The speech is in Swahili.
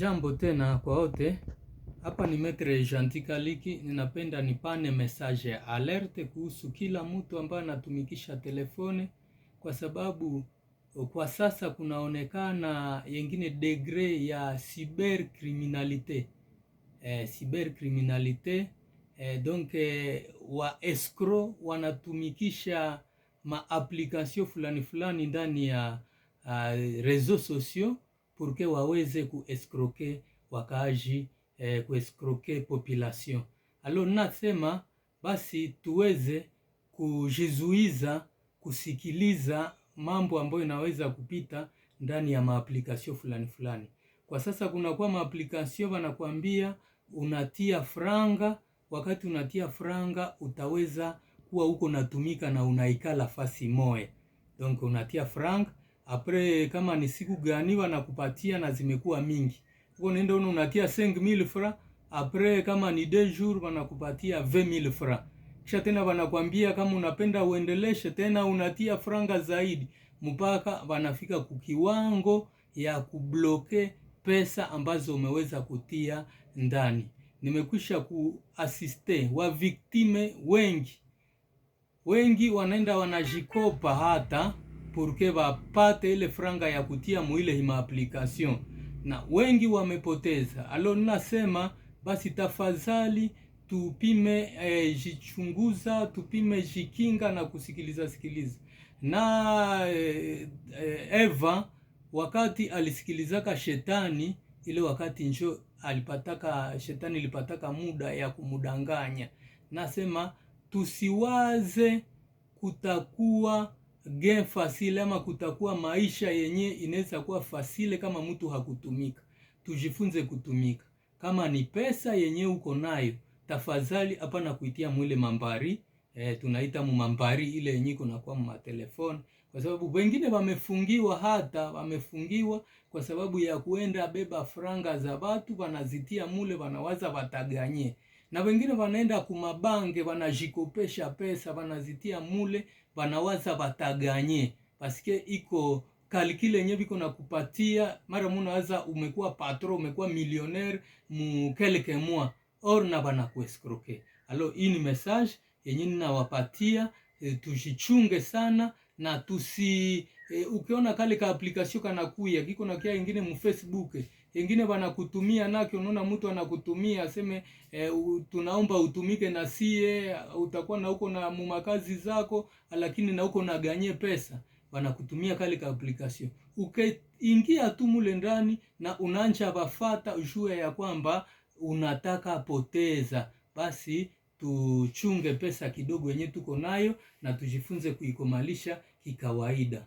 Jambo tena kwa wote, hapa ni metre Gentil Kaliki. Ninapenda nipane message ya alerte kuhusu kila mtu ambaye anatumikisha telefone, kwa sababu kwa sasa kunaonekana yengine degre ya e, cyber criminalite e, eh, eh, donc eh, wa escro wanatumikisha maaplikasio fulani fulani ndani ya uh, ah, reseaux sociaux purke waweze kueskroke wakaaji eh, kueskroke population. Alo nasema basi tuweze kujizuiza kusikiliza mambo ambayo inaweza kupita ndani ya maaplikasio fulani fulani. Kwa sasa kunakuwa maaplikasio wanakuambia unatia franga, wakati unatia franga utaweza kuwa huko natumika na unaikala fasi moe, donc unatia franga apre kama ni siku gani wanakupatia na zimekuwa mingi uko nenda uno unatia 5000 francs apre kama ni deux jours wanakupatia 20000 francs kisha tena wanakwambia kama unapenda uendeleshe tena unatia franga zaidi mpaka wanafika kukiwango ya kubloke pesa ambazo umeweza kutia ndani nimekwisha kuasiste wa victime wengi wengi wanaenda wanajikopa hata purke bapate ile franga ya kutia muile hima application, na wengi wamepoteza. Alo nasema basi, tafadhali tupime e, jichunguza, tupime jikinga na kusikiliza sikiliza na e, e, Eva wakati alisikilizaka shetani ile wakati njo alipataka shetani ilipataka muda ya kumudanganya. Nasema tusiwaze kutakuwa gain facile ama kutakuwa maisha yenye inaweza kuwa fasile kama mtu hakutumika. Tujifunze kutumika. Kama ni pesa yenye uko nayo, tafadhali hapana kuitia mwile mambari e, tunaita mumambari ile yenye iko nakuwa matelefoni, kwa sababu wengine wamefungiwa, hata wamefungiwa kwa sababu ya kuenda beba franga za watu, wanazitia mule, wanawaza wataganye na wengine wanaenda kumabange, wanajikopesha pesa, wanazitia mule, wanawaza wataganye paske iko kalikile yenye biko na kupatia mara munawaza umekuwa patro umekuwa millionaire mu quelques mois or na bana kuescroke. Alo, hii ni message yenye ninawapatia e, tujichunge sana na tusi e, ukiona kale ka application kanakuya kiko na kia ingine mu Facebook ingine wanakutumia nake. Unaona mtu anakutumia aseme e, tunaomba utumike na sie, utakuwa na huko na mumakazi zako, lakini na huko na ganye pesa, wanakutumia kale ka application. Ukiingia tu mule ndani na unaanza wafata, ujue ya kwamba unataka poteza, basi tuchunge pesa kidogo yenye tuko nayo na tujifunze kuikomalisha kikawaida.